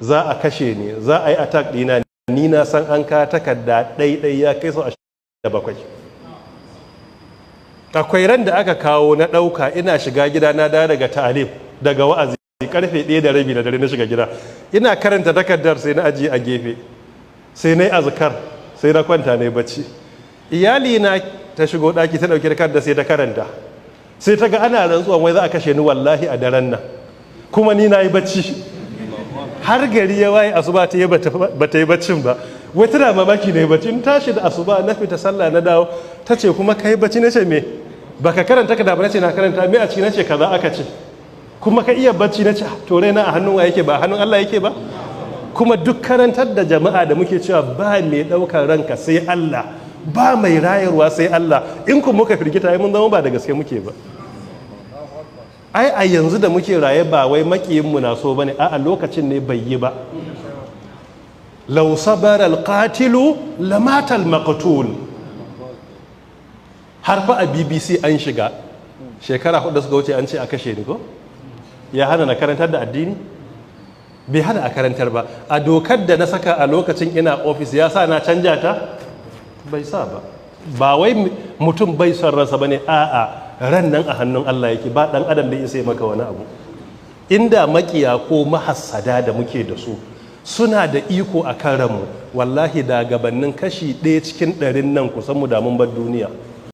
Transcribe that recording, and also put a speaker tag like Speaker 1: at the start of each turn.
Speaker 1: za a kashe ne za a yi attack dina ni na san an ka takarda ɗai-ɗai ya kai su da bakwai akwai ran da aka kawo na ɗauka ina shiga gida na da daga talib daga wa'azi karfe ɗaya da rabi da dare na shiga gida ina karanta takardar sai na ajiye a gefe sai na yi azkar sai na kwanta na yi bacci iyali na ta shigo ɗaki ta ɗauki takardar sai ta karanta sai ta ga ana rantsuwan wai za a kashe ni wallahi a daren nan kuma ni na yi bacci har gari ya waye asuba ta yi ba yi baccin ba wai tana mamaki ne baccin tashi da asuba na fita sallah na dawo ta ce kuma kai bacci na ce me baka karanta ka da na ce na karanta me a ciki na ce kaza aka ce kuma ka iya bacci na ce ah, to na a hannun wa yake ba hannun Allah yake ba kuma duk karantar da jama'a da muke cewa ba mai ɗaukar ranka sai Allah ba mai rayarwa sai Allah in kuma muka firgita mun zama ba da gaske muke ba ai a yanzu da muke raye ba wai mu na so bane a lokacin ne bai yi ba law sabara alqatilu lamatal almaqtul har fa a BBC an shiga shekara hudu suka wuce an ce a kashe ni ko ya hana na karantar da addini bai hana a karantar ba a dokar da na saka a lokacin ina ofis ya sa na canja ta bai sa ba ba wai mutum bai son ransa bane a'a ran nan a hannun Allah yake ba ɗan adam da ya sai maka wani abu inda makiya ko mahassada da muke da su suna da iko a kan mu. wallahi da gabannin kashi ɗaya cikin ɗarin nan kusan mu damun mun bar duniya